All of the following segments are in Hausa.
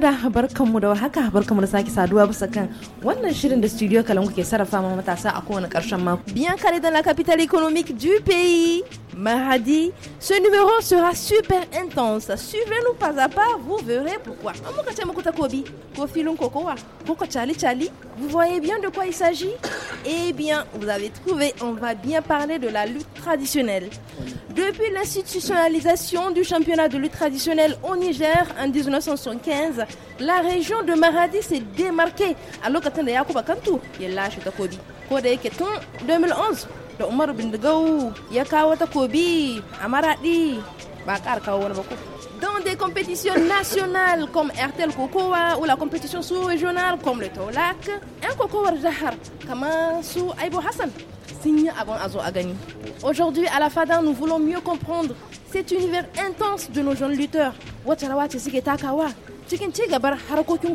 kada barkanmu da haka barkanmu da sake saduwa bisa kan wannan shirin da studio ku ke sarrafa ma matasa a kowane karshen mako. biyan kare da la capital economic du Maradi, Ce numéro sera super intense. Suivez-nous pas à pas, vous verrez pourquoi. Ah, vous voyez bien de quoi il s'agit Eh bien, vous avez trouvé, on va bien parler de la lutte traditionnelle. Depuis l'institutionnalisation du championnat de lutte traditionnelle au Niger en 1975, la région de Maradi s'est démarquée. Alors il 2011 ya dans des compétitions nationales comme RTL Kokoa ou la compétition sous-régionale comme le Tolak, un Cocoa Jahar, comme sous Aibo Hassan, signe avant Azo Agani. Aujourd'hui, à la FADA, nous voulons mieux comprendre cet univers intense de nos jeunes lutteurs. Harakokun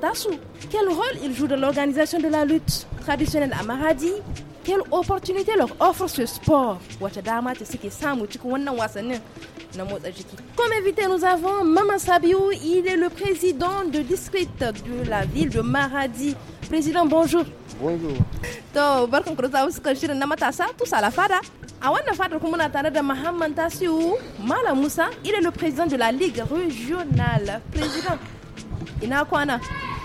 Tasu. Quel rôle ils jouent dans l'organisation de la lutte traditionnelle à Maradi quelle opportunité leur offre ce sport Comme évité, nous avons Mama Sabiou, il est le président de district de la ville de Maradi. Président, bonjour. Bonjour. To, barkan ku da suka shirin na matasa tusa la fada. A wannan fadar kuma muna tare da Muhammad Tasiu Malam Musa, il est le président de la Ligue régionale. Président, ina kwana?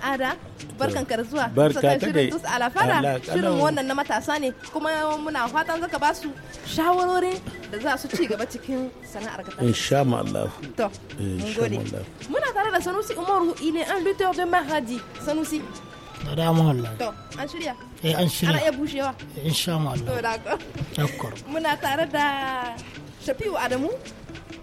ada barkan ka zuwa barka ta dai a lafara shirin wannan na matasa ne kuma muna fatan zaka ba su shawarorin da za su ci gaba cikin sana'ar ka insha Allah to mun gode muna tare da Sanusi Umaru ile an lutteur de mahadi Sanusi da dama wallahi to an shirya eh an shirya ana iya bushewa insha Allah to d'accord muna tare da Shafi'u Adamu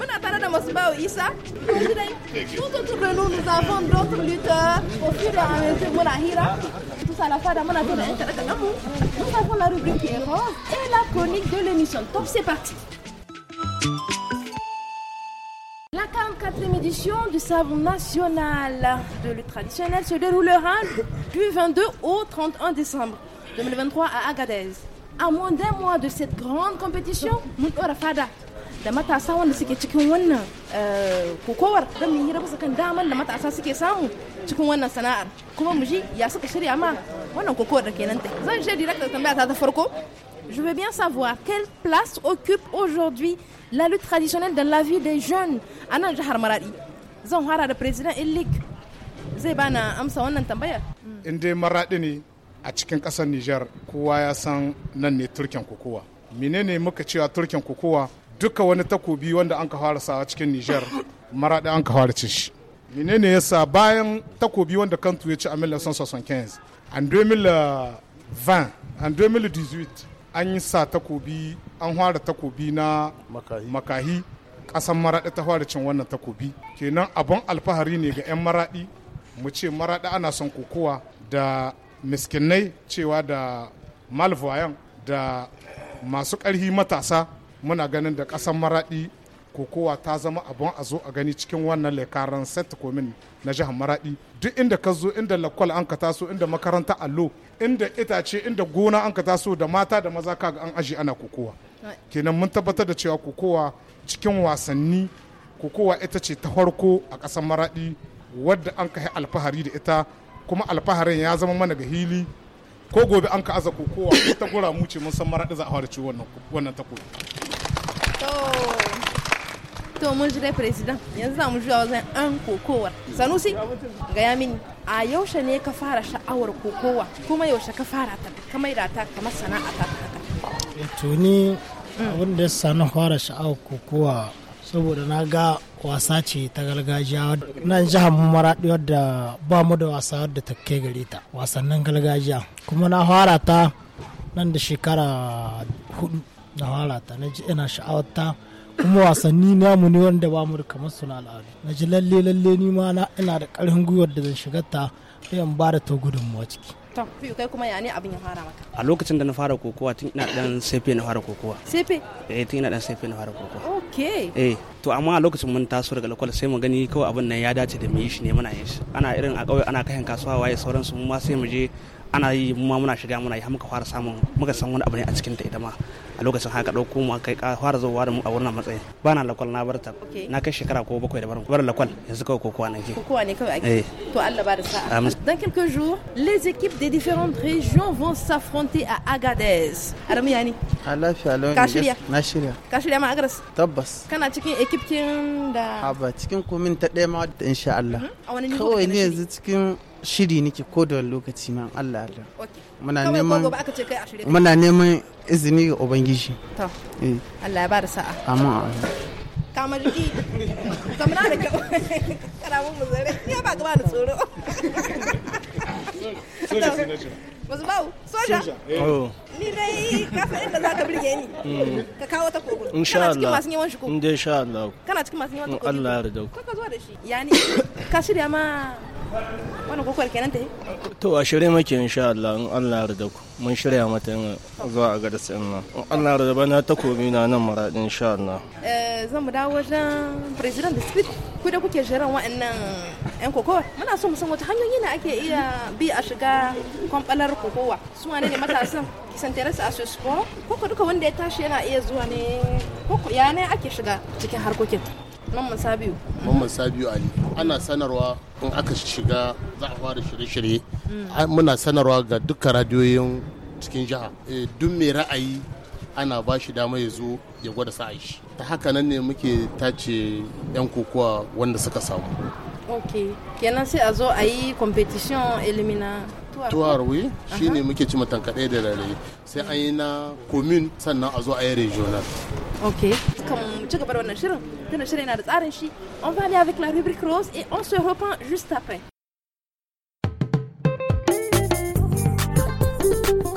nous, avons d'autres la nous la rubrique et la chronique de l'émission. Top, c'est parti. La 44e édition du Savon national de lutte traditionnelle se déroulera du 22 au 31 décembre 2023 à Agadez. À moins d'un mois de cette grande compétition, la Fada da matasa wanda suke cikin wannan eh, kokowar don mu hira kan damar da matasa suke samu cikin wannan sana'ar kuma mu ji ya suka shirya ma wannan kokowar da kenan ta zan je direct da tambaya ta ta farko je veux bien savoir quelle place occupe aujourd'hui la lutte traditionnelle dans la vie des jeunes a nan jihar maradi zan fara da president illik zai bana amsa wannan tambayar in dai maradi ne a cikin kasar niger kowa ya san nan ne turken kokowa. Menene muka cewa turken kokowa duka wani takobi wanda an ka fara a cikin mara maraɗi an ka fara ci shi menene yasa bayan takobi wanda kantu ya ci a 1975 an 2020 an 2018 an yi sa takobi an fara takobi na makahi ƙasan maraɗi ta fara cin wannan takobi kenan abin alfahari ne ga 'yan maraɗi mu ce maraɗi ana son kokowa da miskinai cewa da malvoyan da masu ƙarhi matasa muna ganin da ƙasar maraɗi kokowa ta zama abin a zo a gani cikin wannan lekaran set komin na jihar maradi duk inda ka zo inda lakwal an ka taso inda makaranta allo inda itace inda gona an ka taso da mata da maza kaga an aji ana kokowa kenan mun tabbatar da cewa kokowa cikin wasanni kokowa ita ce ta farko a kasan maradi wadda an ka yi alfahari da ita kuma alfaharin ya zama mana ga hili ko gobe an ka aza kokowa ta gura mu ce mun san maraɗi za a fara ci wannan takobi. To mun jira president yanzu za mu zuwa wajen an kokowa Sanusi gaya mini a yaushe ne ka fara sha'awar kokowa kuma yaushe ka fara ta ka maida ta kamar sana'a ta ka eh, To ni mm. abin da ya sani fara sha'awar kokowa saboda na ga wasa ce ta gargajiya nan jihar maraɗi wadda ba mu da wasa wadda ta kai gare ta wasannin gargajiya kuma na fara ta nan da shekara hudu na fara ta na ji ina sha'awar ta kuma wasanni namu ne wanda ba mu da kamar suna al'adu na ji lalle lalle ni ma na ina da ƙarfin gwiwar da zan shigar ta sai ba da ta gudunmawa ciki to fiyo kai kuma ya ne abin ya fara maka a lokacin da na fara kokowa tun ina dan sefe na fara kokowa sefe eh tun ina dan sefe na fara kokowa okay eh to amma a lokacin mun taso daga lokacin sai mu gani kawai abin nan ya dace da mu yi shi ne muna yin shi ana irin a kauye ana kayan kasuwa waye sauransu mu ma sai mu je ana muna shiga muna yi fara samun muka san wani abu ne a cikin ta ita ma a lokacin haka mu kai fara mu a lakwal na na kai shekara ko bakwai da barin lakwal yanzu kawai ake eh. to Allah sa'a dans quelques jours les équipes des différentes régions vont s'affronter à Agadez ah, a na kana cikin da cikin ta ma insha Allah mhm. shiri nake ko da lokaci ma Allah Allah muna neman muna neman izini ga ubangiji to eh. Allah ya ba da sa'a amin kamar ji kamar da kyau mun zare. ya ba gaba da tsoro wasu bawu soja eh. oh. ni dai ka san inda za ka birge ni mm. ka kawo ta kogo insha Allah kana cikin masu yawan shiko in dai insha Allah kana cikin masu yawan shiko Allah ya yarda ka zo da shi Ya yani ka shirya ma Wani kokowar kenan ta yi? To a shirye in insha Allah in Allah yarda ku. Mun shirya mata yin zuwa a gada sa'in nan. In Allah yarda bana takobi na nan maraɗin insha Allah. Eh, zan mu dawo wajen President da Speed. Ku da kuke shirin wa'annan 'yan kokowa. Muna so musamman wata hanyoyi ne ake iya bi a shiga kwamfalar kokowa. Su wane ne matasan? Kisan Teresa Asuspor? Ko duka wanda ya tashi yana iya zuwa ne? Ko ya ne ake shiga cikin harkokin? Mamman Sabiu. Mamman Sabiu Ali. Ana sanarwa in aka shiga za a fara shirye-shirye. Mm. Muna sanarwa ga duka radiyoyin cikin jiha. Eh, duk mai ra'ayi ana ba shi dama ya zo ya gwada sa'a shi. Ta haka nan ne muke tace 'yan kokowa wanda suka samu. Ok. Kenan sai a zo a yi competition elimina. tuwar wuyi shi ne muke ci matankaɗe da rarrayi sai an yi na komin sannan a zo a yi regional ok kan mu ci gaba da wannan shirin tana shirin yana tsarin shi on va aller avec la rubrique rose et on se reprend juste après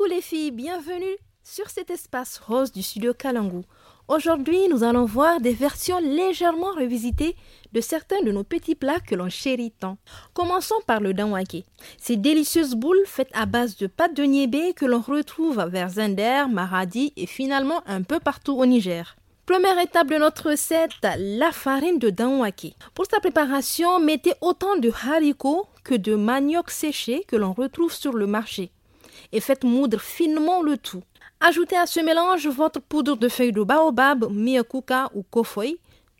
Coucou les filles, bienvenue sur cet espace rose du studio Kalangu. Aujourd'hui, nous allons voir des versions légèrement revisitées de certains de nos petits plats que l'on chérit tant. Commençons par le danwake. Ces délicieuses boules faites à base de pâte de niébé que l'on retrouve vers Zender, Maradi et finalement un peu partout au Niger. Première étape de notre recette, la farine de danwake. Pour sa préparation, mettez autant de haricots que de manioc séché que l'on retrouve sur le marché et faites moudre finement le tout. Ajoutez à ce mélange votre poudre de feuilles de baobab, miyakuka ou kofoi.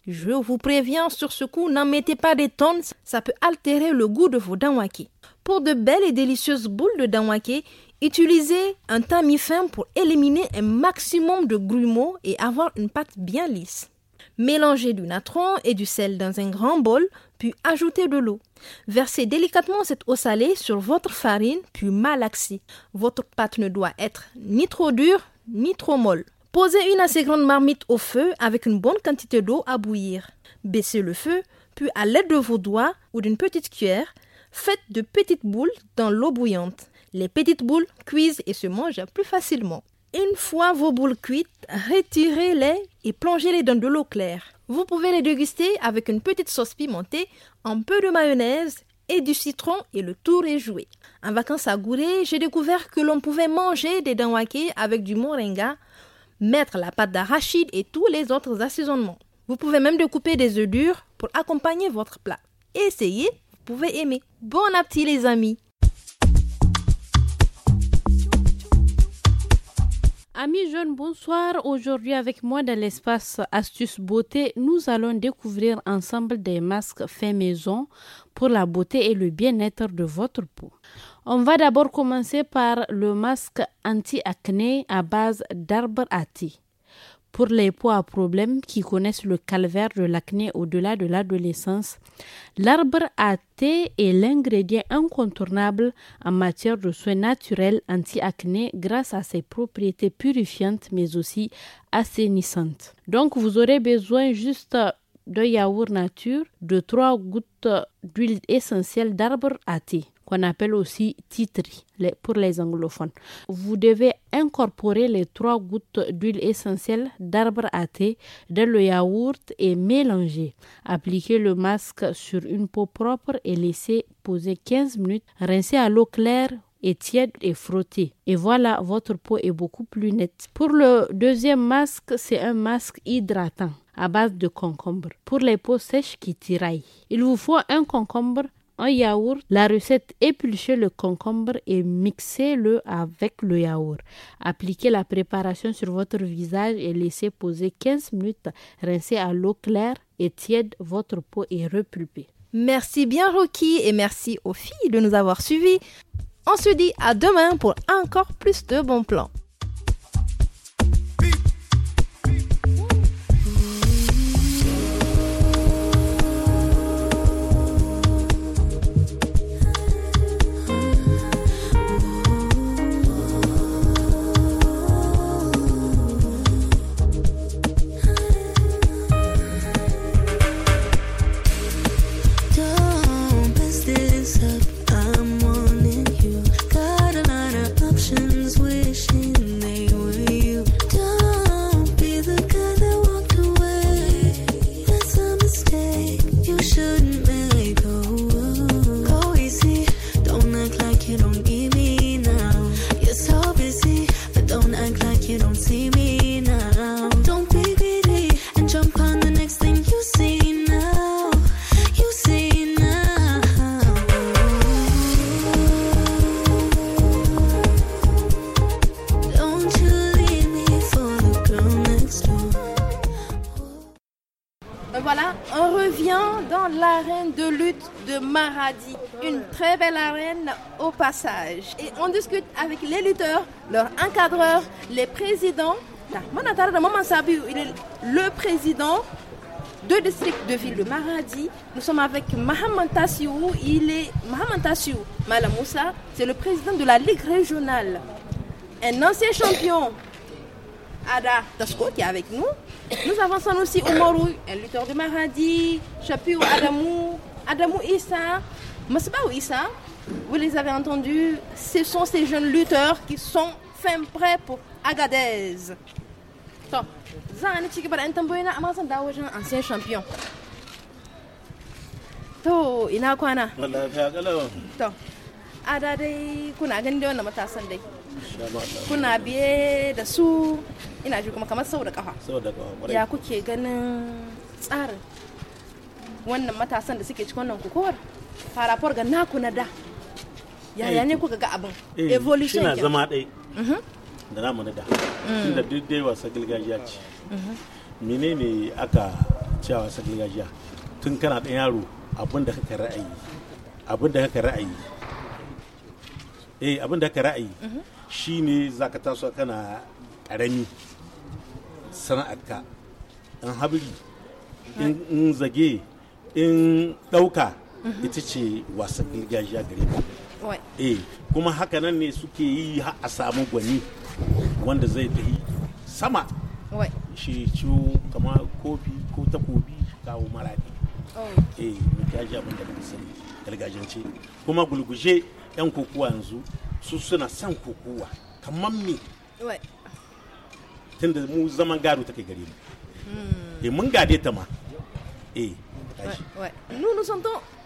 Je vous préviens sur ce coup, n'en mettez pas des tonnes, ça peut altérer le goût de vos danwaki. Pour de belles et délicieuses boules de danwaki, utilisez un tamis fin pour éliminer un maximum de grumeaux et avoir une pâte bien lisse. Mélangez du natron et du sel dans un grand bol, puis ajoutez de l'eau. Versez délicatement cette eau salée sur votre farine, puis malaxez. Votre pâte ne doit être ni trop dure ni trop molle. Posez une assez grande marmite au feu avec une bonne quantité d'eau à bouillir. Baissez le feu, puis à l'aide de vos doigts ou d'une petite cuillère, faites de petites boules dans l'eau bouillante. Les petites boules cuisent et se mangent plus facilement. Une fois vos boules cuites, retirez-les et plongez-les dans de l'eau claire. Vous pouvez les déguster avec une petite sauce pimentée, un peu de mayonnaise et du citron et le tour est joué. En vacances à Gouré, j'ai découvert que l'on pouvait manger des waké avec du moringa, mettre la pâte d'arachide et tous les autres assaisonnements. Vous pouvez même découper des œufs durs pour accompagner votre plat. Essayez, vous pouvez aimer. Bon appétit les amis Amis jeunes, bonsoir. Aujourd'hui avec moi dans l'espace Astuce Beauté, nous allons découvrir ensemble des masques faits maison pour la beauté et le bien-être de votre peau. On va d'abord commencer par le masque anti-acné à base d'arbre à thé. Pour les poids à problème qui connaissent le calvaire de l'acné au-delà de l'adolescence, l'arbre à thé est l'ingrédient incontournable en matière de soins naturels anti-acné grâce à ses propriétés purifiantes mais aussi assainissantes. Donc vous aurez besoin juste de yaourt nature, de trois gouttes d'huile essentielle d'arbre à thé qu'on appelle aussi titri pour les anglophones. Vous devez incorporer les trois gouttes d'huile essentielle d'arbre à thé dans le yaourt et mélanger. Appliquez le masque sur une peau propre et laissez poser 15 minutes. Rincez à l'eau claire et tiède et frottez. Et voilà, votre peau est beaucoup plus nette. Pour le deuxième masque, c'est un masque hydratant à base de concombre pour les peaux sèches qui tiraillent. Il vous faut un concombre en yaourt, la recette épluchez le concombre et mixez-le avec le yaourt. Appliquez la préparation sur votre visage et laissez poser 15 minutes. Rincez à l'eau claire et tiède votre peau et repulpez. Merci bien Rocky et merci aux filles de nous avoir suivis. On se dit à demain pour encore plus de bons plans. Et on discute avec les lutteurs, leurs encadreurs, les présidents. Ah, il est le président de district de ville de Maradi. Nous sommes avec Mohamed Tassiou. Il est Mohamed Tassiou Malamoussa, c'est le président de la Ligue régionale. Un ancien champion, Ada Tosco, qui est avec nous. Nous avançons aussi Oumarou, un lutteur de Maradi, Chapiou Adamou, Adamou Issa, pas oui ça hein. vous les avez entendus, ce sont ces jeunes lutteurs qui sont fin prêts pour Agadez. an ancien champion to ina kwana to a To dai kuna ganin da wannan matasan kuna biye da su ina ji kuma kamar sau da kafa ya kuke ganin tsarin wannan matasan da suke cikin wannan farafor ga naku na da yaya eh, ne kuka ga abin eh, evolution shi na zama ɗai mhm. da namu na da mm. tunda duk dai wasa gilgajiya ce mhm. ne aka cewa wasa gilgajiya. tun kana ɗan yaro abin da kaka ra'ayi abin da kaka ra'ayi eh abin da kaka ra'ayi mhm. shine zaka taso kana ƙarami sana'arka in habiri in zage in ɗauka Mm-hmm. ita ce wasan gargajiya gare mu eh kuma haka nan ne suke yi har a samu gwani wanda zai tafi sama shi ciwo kama kofi ko takobi kawo maradi eh oh. gargajiya e, abin da muka sani gargajiyance kuma gulguje yan kokuwa yanzu su suna san kokuwa kamar me tunda mu zaman gado take gare mu eh mun gade ta ma eh nous nous sentons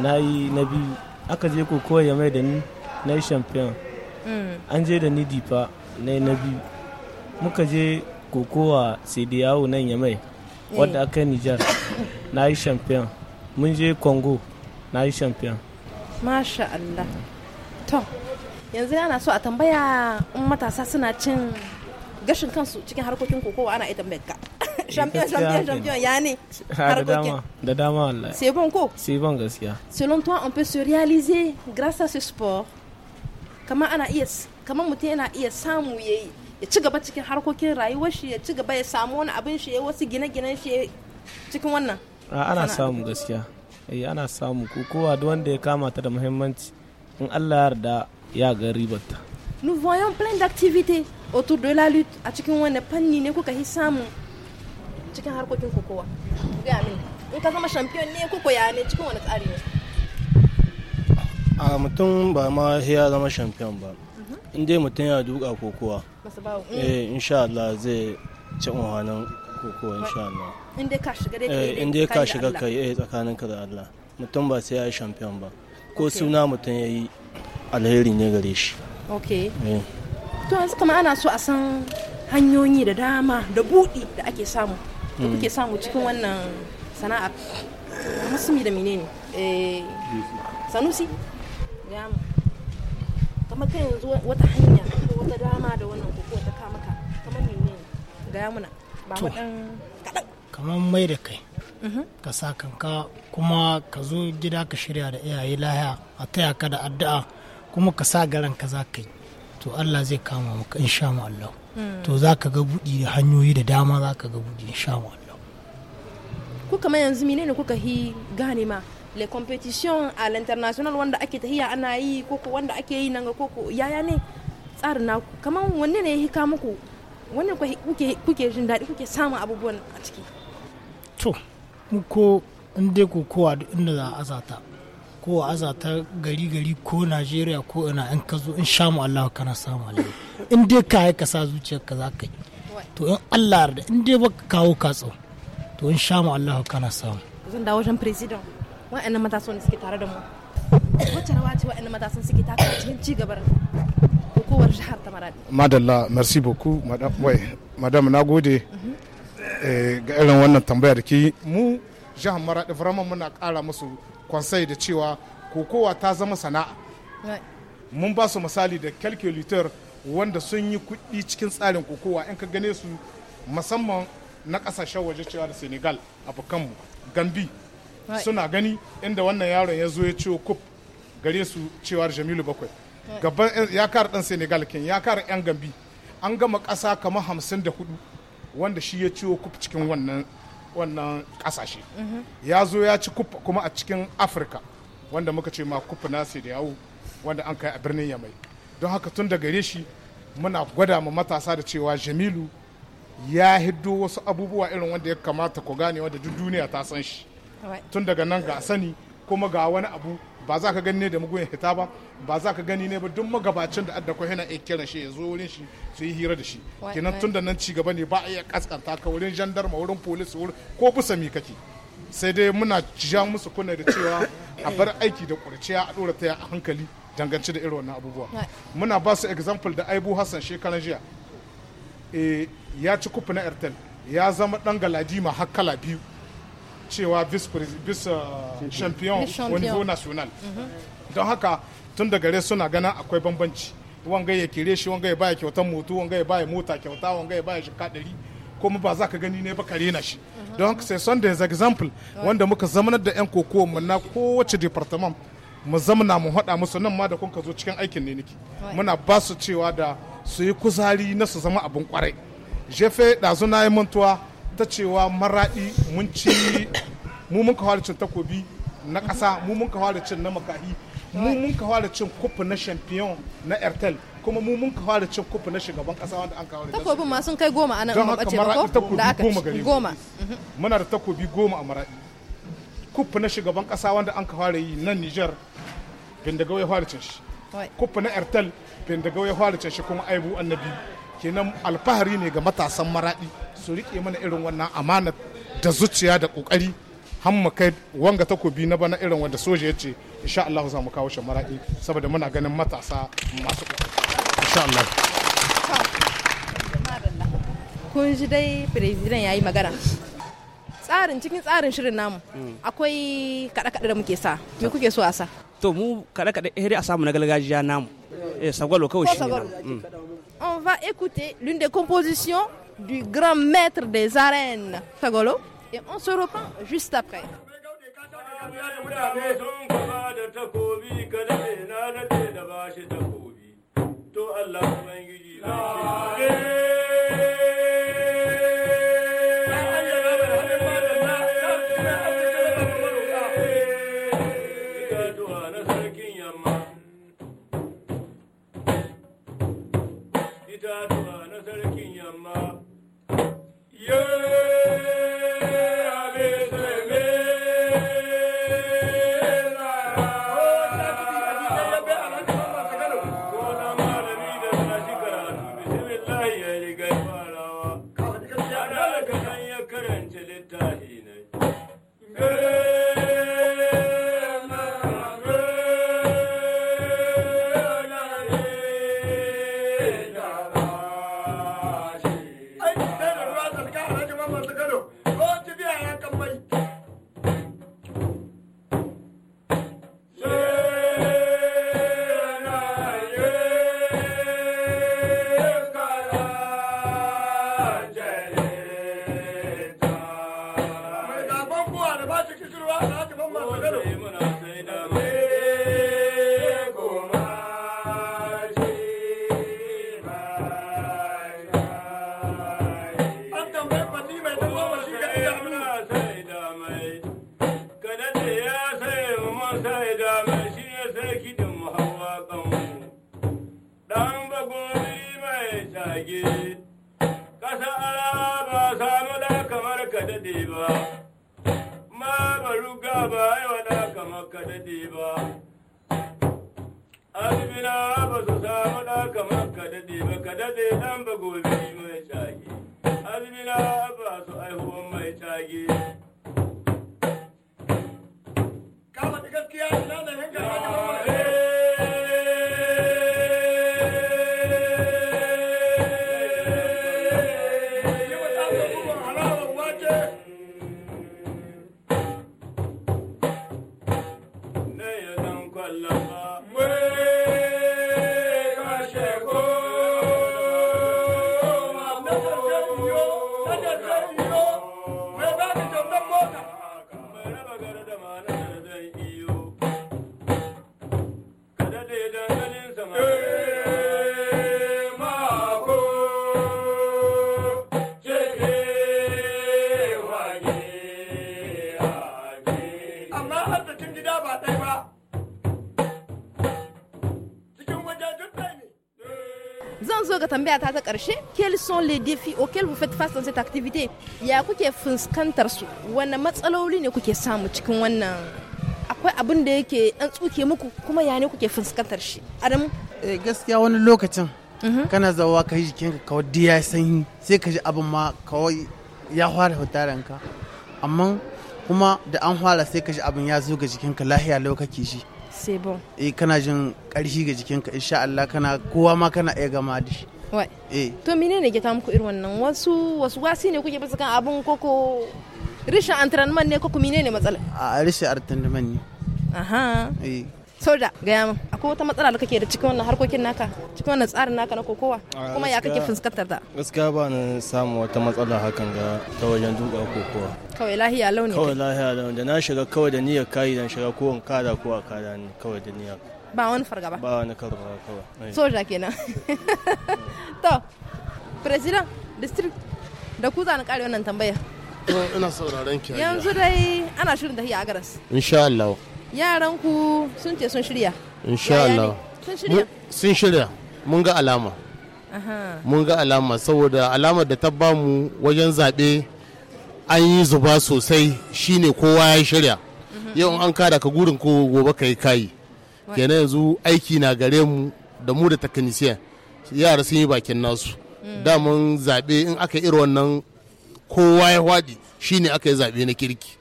na yi na biyu aka je kokowa ya mai da ni na yi champion mm. an je da ni dipa na yi na biyu muka je kokowa sai da yawo nan ya mai eh. wadda aka yi nijar na yi champion mun je congo na yi champion masha Allah to yanzu ana so a tambaya in matasa suna cin gashin kansu cikin harkokin kokowa ana ita mai ka Eh, champion champion champion ya ne ah, da dama wallahi c'est bon ko c'est bon gaskiya selon toi on peut se réaliser grâce à ce sport kama ana iya kama mutum yana iya samu yayi ya ci gaba cikin harkokin rayuwar shi ya ci gaba ya samu wani abin shi ya wasu gine-ginen shi cikin wannan ah, ana samu gaskiya eh ana samu ko kowa duk wanda ya kama ta da muhimmanci in Allah ya yarda ya ga ribarta nous voyons plein d'activités autour de la lutte a cikin wannan fanni ne kuka yi samu. cikin harkokin kokowa ga mini in ka zama champion ne koko ya ne cikin wani tsari ne a mutum ba ma ya zama champion ba mhm. in dai mutum ya duka kokowa mm. eh insha Allah zai ci unhanin kokowa insha Allah in dai ka shiga dai eh in dai ka shiga kai eh tsakanin ka eh, da Allah mutum ba sai ya yi champion ba ko suna mutum yayi alheri ne gare shi okay eh. to yanzu kuma ana so a san hanyoyi da dama da budi da ake samu ko kuke samu cikin wannan sana'a musumi da menene eh, sanusi ya kamar kai yanzu wata hanya ko wata dama da wannan koko ta kama ka kamar ne gaya muna ba mu dan kadan kamar mai da kai mhm. ka sa kanka kuma ka zo gida ka shirya da iyaye lahiya a taya ka da addu'a kuma ka sa garan ka za ka yi to Allah zai kama maka insha Allah Hmm. to za ka ga buɗi da hanyoyi da dama za ka ga buɗi sha Allah ku kamar yanzu ne kuka hi gane ma le competition a l'international wanda ake tahiya ana yi koko wanda ake yi nan koko yaya ne tsarin na kamar wanne ne ya kama muku wanne kuke jin daɗi kuke samun abubuwan a ciki to mu ko in dai kokowa duk inda za a azata ko aza ta gari gari ko najeriya ko ina in ka zo in sha mu allahu kana samu alheri in dai ka yi ka sa zuciyar ka za ka yi to in allah da in dai baka kawo katso to in sha mu allahu kana samu zan dawo wajen president wa'annan matasa matasan suke tare da mu wacce rawa ce wa'annan matasan suke taka cikin ci gabar hukumar jihar ta maradi madalla merci beaucoup madam wai madam na gode eh, ga irin wannan tambaya da ke mu jihar maradi vraiment muna kara musu kansai da cewa kokowa ta zama sana'a mun ba su misali da calculator wanda sun yi kuɗi cikin tsarin kokowa in ka gane su musamman na ƙasashen waje cewa da senegal a mu gambi suna gani inda wannan yaron ya zo ya ciwo kup gare su cewar jamilu bakwai gaban eh, ya kara dan senegal kin ya kara yan gambi an gama ƙasa kamar hamsin da hudu wanda shi ya ciwo kup cikin wannan wannan kasashe ya zo ya ci kufa kuma a cikin afirka wanda muka ce ma kufa nasi da yawo wanda an kai a birnin yamai don haka tun da gare shi muna gwada ma matasa da cewa jamilu ya hiddo wasu abubuwa irin wanda ya kamata ku gane wanda duk duniya ta san shi tun daga nan ga sani kuma ga wani abu ba za ka gani ne da mugun hita ba ba za ka gani ne ba duk magabacin da adda yana a kiran shi ya zo wurin shi su yi hira da shi kenan tun da nan ci gaba ne ba a iya kaskanta ka wurin jandarma wurin polis ko bisa mi kake sai dai muna ja musu kunna da cewa a bar aiki da kurciya a dora ta a hankali dangance da irin wannan abubuwa muna ba su example da aibu hassan shekaran jiya eh, ya ci kufu na airtel ya zama dan galadima har kala biyu cewa vice uh, champion au niveau national mhm. don haka tun da gare suna ganin akwai bambanci wanga ya kire shi wanga ya baya kyautar motu wanga ya baya mota kyauta wanga ya baya shika ɗari kuma ba za ka gani ne ba kare na shi mhm. don haka sai son da yanzu example wanda muka zamanar da yan kokowa mu na kowace departament mu zamana mu haɗa musu nan ma da kun ka zo cikin aikin ne niki muna ba su cewa da su yi kuzari na su zama abin kwarai jefe ɗazu na yi mantuwa ta cewa maraɗi mun ci mu mun ka fara cin takobi na ƙasa mu mun ka fara cin na makahi mu mun ka fara cin na champion na airtel kuma mu mun ka fara cin na shugaban ƙasa wanda an kawo takobin ma sun kai goma a nan ba ce ba ko da aka goma mhm. muna da takobi goma a maraɗi kufu na shugaban ƙasa wanda an ka fara yi nan Niger Bindagau ya fara cin shi kufu na airtel Bindagau ya fara cin shi kuma aibu annabi kenan alfahari ne ga matasan maraɗi su riƙe mana irin wannan amana da zuciya da ƙoƙari har mu kai wanga takobi na bana irin wanda soja ya ce insha Allah za mu kawo shi mara'i saboda muna ganin matasa masu insha Allah kun ji dai president yayi magana tsarin cikin tsarin shirin namu mm. akwai kada kada da muke sa me kuke so a sa to mu kada kada hiri a samu na gargajiya namu eh sagwalo kawai shi ne mm. on va écouter l'une des compositions du grand maître des arènes, Fagolo. Et on se reprend juste après. kamar ka daɗe ba ka daɗe ɗan ba gobe mai tage azmina ba su aihuwan mai tage ka faɗi gaskiya ina da yanka ba ta ta karshe quels sont les défis auxquels vous faites face dans cette activité ya kuke fuskantar su wanne matsaloli ne kuke samu cikin wannan akwai abin da yake an tsuke muku kuma ya ne kuke fuskantar shi adamu eh, gaskiya wani lokacin mhm. kana zawa ka yi jikinka kawai diya ya sanyi sai ka ji abin ma kawai ya fara ka amma kuma da an fara sai ka ji abin ya zo ga jikinka lahiya lau kake shi sai bon eh kana jin karshi ga jikinka insha Allah kana kowa ma kana iya gama da shi wai eh to menene ke ta muku irin wannan wasu wasu wasi ne kuke bisa kan abun koko rishin antrenman ne koko menene matsala a rishin antrenman ne aha eh da gaya min akwai wata matsala da kake da cikin wannan harkokin naka cikin wannan tsarin naka na kokowa kuma ya kake fuskantar da gaskiya ba na samu wata matsala hakan ga ta wajen duka kokowa kawai lahiya launi kawai lahiya launi da na shiga kawai da niyyar kayi dan shiga ko kada ko a kada ni kawai da niyyar ba wani fargaba ba wani fargaba kawai soja kenan to president district da ku za na kare wannan tambaya ina sauraron ki yanzu dai ana shirin tafiya a garas insha Allah yaran ku sun ce sun shirya insha Allah sun shirya sun shirya mun ga alama mun ga alama saboda alamar da ta bamu wajen zaɓe an yi zuba sosai shine kowa ya shirya mhm. yau an kada ka gurin ko gobe ka yi kayi kenan yanzu aiki na gare mu da mu da takanisiya yara sun yi bakin nasu mm. damun zaɓe in aka iri wannan kowa ya waɗi shine aka yi zaɓe na kirki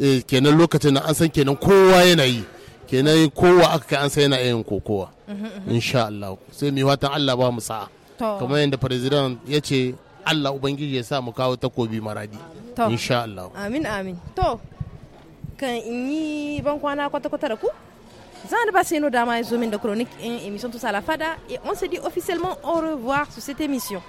eh, kenan lokacin an san kenan kowa yana yi kenan kowa aka kai an san yana yin kokowa mm-hmm, mm-hmm. insha Allah sai mai watan Allah ba mu sa'a kamar yadda president ya ce Allah ubangiji ya sa mu kawo takobi maradi insha Allah amin amin to kan in yi ban kwana kwata-kwata da ku Zan Basseno Dama et Zomen de Chronique 1, émission Tous à la Fada. Et on se dit officiellement au revoir sur cette émission.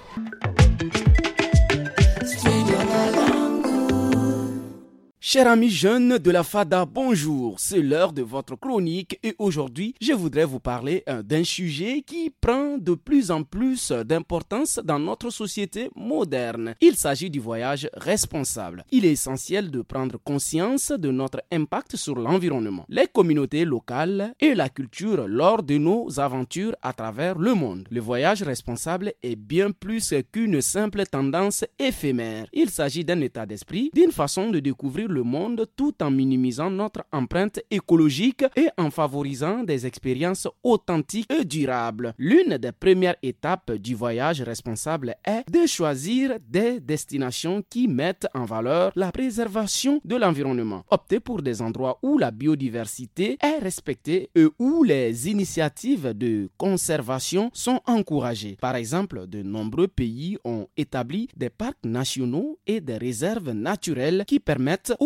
Chers amis jeunes de la FADA, bonjour, c'est l'heure de votre chronique et aujourd'hui je voudrais vous parler euh, d'un sujet qui prend de plus en plus d'importance dans notre société moderne. Il s'agit du voyage responsable. Il est essentiel de prendre conscience de notre impact sur l'environnement, les communautés locales et la culture lors de nos aventures à travers le monde. Le voyage responsable est bien plus qu'une simple tendance éphémère. Il s'agit d'un état d'esprit, d'une façon de découvrir le monde tout en minimisant notre empreinte écologique et en favorisant des expériences authentiques et durables. L'une des premières étapes du voyage responsable est de choisir des destinations qui mettent en valeur la préservation de l'environnement. Optez pour des endroits où la biodiversité est respectée et où les initiatives de conservation sont encouragées. Par exemple, de nombreux pays ont établi des parcs nationaux et des réserves naturelles qui permettent aux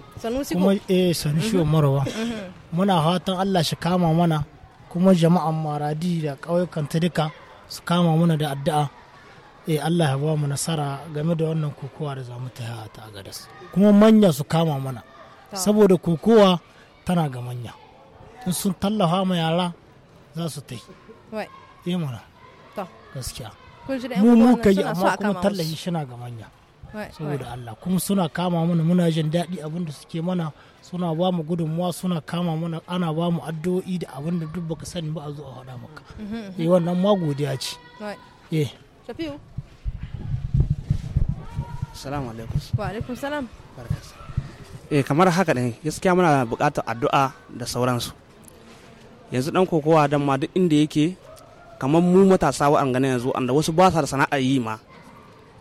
sanusi kuma eh sanusi mhm. mhm. muna fatan Allah shi kama mana kuma jama'an maradi da ƙauyukan ta duka su kama mana da addu'a eh Allah ya ba mu nasara game da wannan kokowa da zamu ta ta gadas kuma manya su kama mana saboda kokowa tana ga manya in sun tallafa ma yara za su ta yi eh mana gaskiya mu muka yi amma kuma tallafi shi na ga manya saboda Allah kuma suna kama mana muna jin daɗi abin da suke mana suna ba mu gudunmuwa suna kama mana ana ba mu addu'o'i da abin da duk baka sani ba a zo a faɗa maka mm-hmm, mm-hmm. eh wannan ma godiya ce eh Shafiu Assalamu alaikum Wa alaikum salam Barkas Eh kamar haka ne gaskiya muna buƙatar addu'a da sauransu yanzu dan kokowa dan ma duk inda yake kamar mu matasa wa'an ganin yanzu anda wasu ba sa da sana'ar yi ma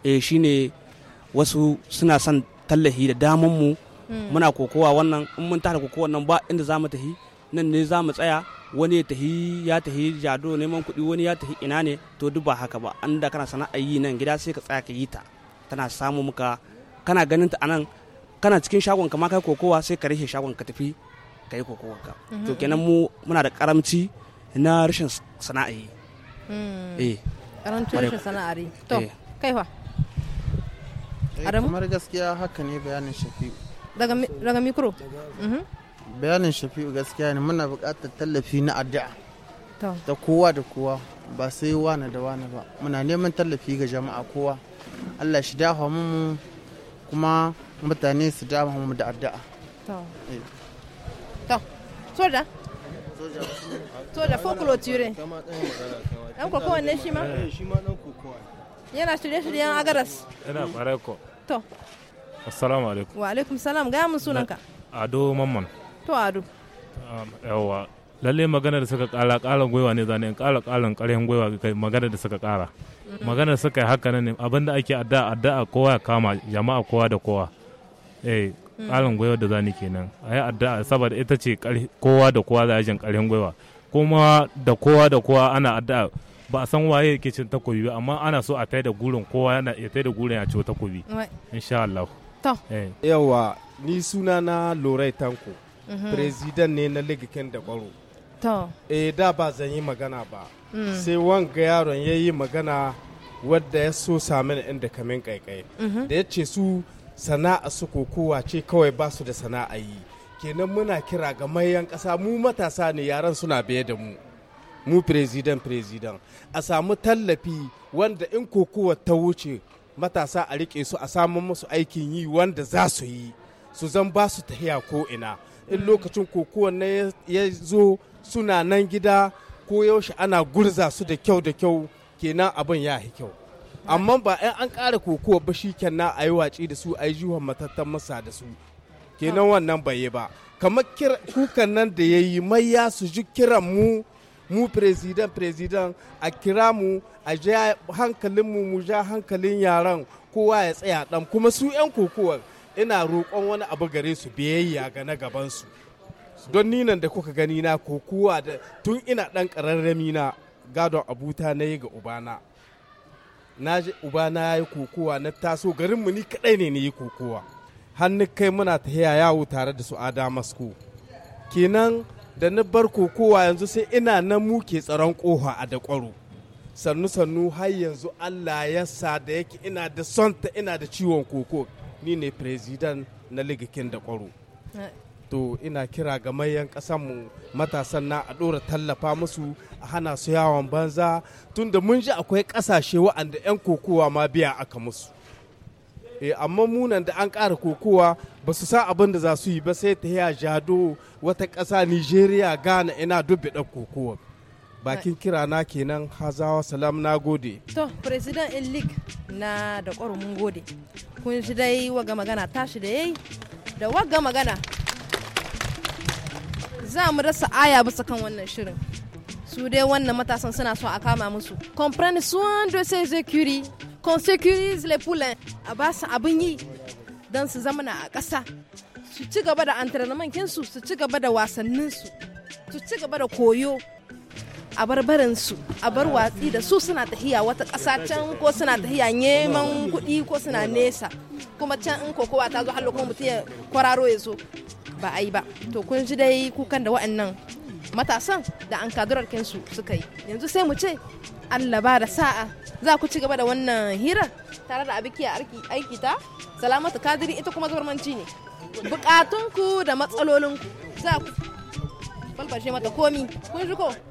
eh shine wasu suna son tallahi da damanmu. mu hmm. muna kokowa wannan in mun tara kokowa nan ba inda za mu tafi nan ne za mu tsaya wani ya tafi ya tafi jado neman kuɗi wani ya tafi ina ne to duk ba haka ba an da kana sana'ar yi nan gida sai ka tsaya ka yi ta tana samu muka kana ganin ta anan kana cikin shagon ka ma kai kokowa sai ka rishe shagon ka tafi ka yi kokowa ka hmm. to kenan mu muna da karamci na rashin sana'a yi hmm. eh karamci rashin yi, to eh. kai fa Eh, kamar gaskiya haka ne bayanin shafi'u daga mikro mhm. bayanin shafi'u gaskiya ne muna buƙatar tallafi na addu'a da kowa da kowa ba sai wane da wane ba muna neman tallafi ga jama'a kowa allah shi dafa mu kuma mutane su dama mu da addu'a to dan eh. kokowa ne shi ma eh, yana shirye-shiryen agaras yana ko to assalamu alaikum wa alaikum salam gaya mun sunanka ado mamman to ado um, yawa lalle magana da suka kara karan gwiwa ne zane kara karan karyan gwiwa kai magana da suka kara magana suka yi haka nan ne abinda ake addu'a addu'a kowa kama jama'a kowa da kowa eh karan mm. gwiwa da zani kenan Ayi adda addu'a saboda ita ce kowa da kowa za a jin karyan gwiwa kuma da kowa da kowa ana addu'a ba a san waye yake cin takobi ba amma ana so a tai da gurin kowa yana ya tai da gurin ya ciwo takobi insha Allah to eh. yawa ni suna na Lorai Tanko mhm. president ne na ligikin da kwaro to eh da ba zan yi magana ba mm. sai wanga yaron yayi magana wadda ya so samin inda kamin kaikai mhm. da ya ce su sana'a su kokowa ce kawai ba su da sana'a yi kenan muna kira ga mayan ƙasa mu matasa ne yaran suna biye da mu mu firizidan firizidan a samu tallafi wanda in kokowa ta wuce matasa a rike su a samun musu aikin yi wanda za su yi su zan ba su tahiya ko ina in lokacin kokowar na ya zo suna nan gida ko yaushe ana gurza su da kyau da kyau kenan abin ya yi kyau amma ba in an ƙara kokowa ba shi kenan a yi watsi da su a yi juhon matattan masa da su kenan wannan bai yi ba kamar kukan nan da ya yi mai ya su ji kiran mu mu prezidan prezidan a kira mu a ja hankalin mu mu ja hankalin yaran kowa ya tsaya dan kuma su 'yan kokowar ina roƙon wani abu gare su biyayya ga na gabansu don ninan da kuka gani na kokowa da tun ina ɗan kararrami na gadon abuta na yi ga ubana na ji ubana ya yi kokowa na taso garin mu ni kaɗai ne na yi kokowa hannu kai muna ta yawo tare da su adamasku kenan da na bar kokowa yanzu sai ina nan muke tsaron koha a da kwaro sannu sannu har yanzu Allah ya sa da yake ina da son ta ina da ciwon koko ni ne firezidan na ligakin da kwaro eh. to ina kira ga mayan mu matasan na a ɗora tallafa musu a hana su yawon banza tunda mun ji akwai ƙasashe wa'anda 'yan kokowa ma biya aka musu Eh, amma munan da an ƙara kokowa ba su sa abin da za su yi ba sai ta ya jado wata ƙasa nigeria ghana ina dubbe ɗan kokowa bakin kira na kenan hazawa salam na gode to president league na da ƙwaro mun gode kun ji dai waga magana tashi da yayi da waga magana za mu rasa aya bisa kan wannan shirin su dai wannan matasan suna so a kama musu comprendre soin de ses écuries qu'on sécurise les poulains a ba su abin yi don su zamana a ƙasa su ci gaba da antrenamentinsu su ci gaba da wasanninsu su ci gaba da koyo a bar su a bar watsi da su suna tahiya wata ƙasa can ko suna tahiya neman kuɗi ko suna nesa kuma can in kokowa ta zo har lokacin mutum ya kwararo ya zo ba a yi ba to kun ji dai kukan da wa'annan matasan da an kadurar suka yi yanzu sai mu ce allah ba da sa'a za ku ci gaba da wannan hirar tare da a aiki ta salamatu kadiri ita kuma zubarmanci ne bukatunku da matsalolinku za ku falfashe mata komi kun ji ko